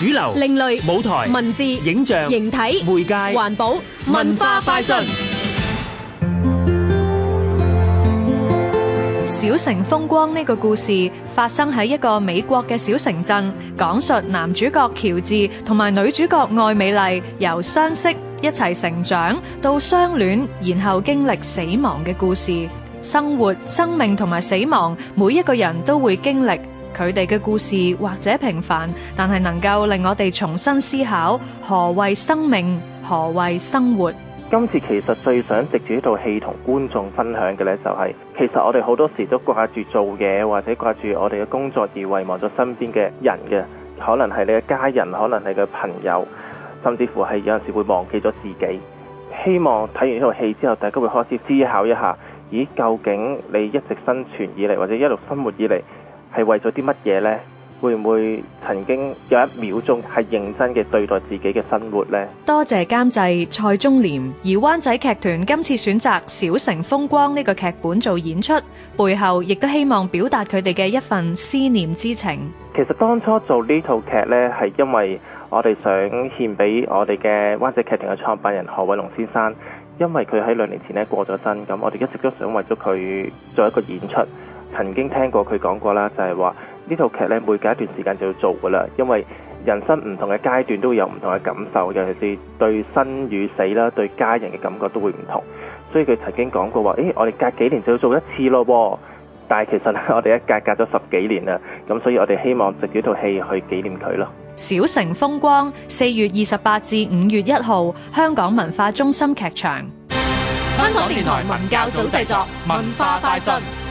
主流、另類舞台、文字、影像、形體、媒介、環保、文化快訊。小城風光呢個故事發生喺一個美國嘅小城鎮，講述男主角喬治同埋女主角愛美麗由相識一齊成長到相戀，然後經歷死亡嘅故事。生活、生命同埋死亡，每一個人都會經歷。佢哋嘅故事或者平凡，但係能夠令我哋重新思考何謂生命，何謂生活。今次其實最想藉住呢套戲同觀眾分享嘅咧、就是，就係其實我哋好多時都掛住做嘢或者掛住我哋嘅工作而遺忘咗身邊嘅人嘅，可能係你嘅家人，可能係你嘅朋友，甚至乎係有陣時會忘記咗自己。希望睇完呢套戲之後，大家會開始思考一下，咦，究竟你一直生存以嚟，或者一路生活以嚟，係為咗啲乜嘢呢？會唔會曾經有一秒鐘係認真嘅對待自己嘅生活呢？多謝監製蔡中廉，而灣仔劇團今次選擇《小城風光》呢個劇本做演出，背後亦都希望表達佢哋嘅一份思念之情。其實當初做呢套劇呢，係因為我哋想獻俾我哋嘅灣仔劇團嘅創辦人何偉龍先生，因為佢喺兩年前呢過咗身，咁我哋一直都想為咗佢做一個演出。曾經聽過佢講過啦，就係話呢套劇咧，每隔一段時間就要做噶啦，因為人生唔同嘅階段都會有唔同嘅感受，尤其是對生與死啦，對家人嘅感覺都會唔同。所以佢曾經講過話，誒，我哋隔幾年就要做一次咯。但係其實我哋一隔隔咗十幾年啦，咁所以我哋希望藉住呢套戲去紀念佢咯。小城風光，四月二十八至五月一號，香港文化中心劇場。香港電台文教組製作文化快訊。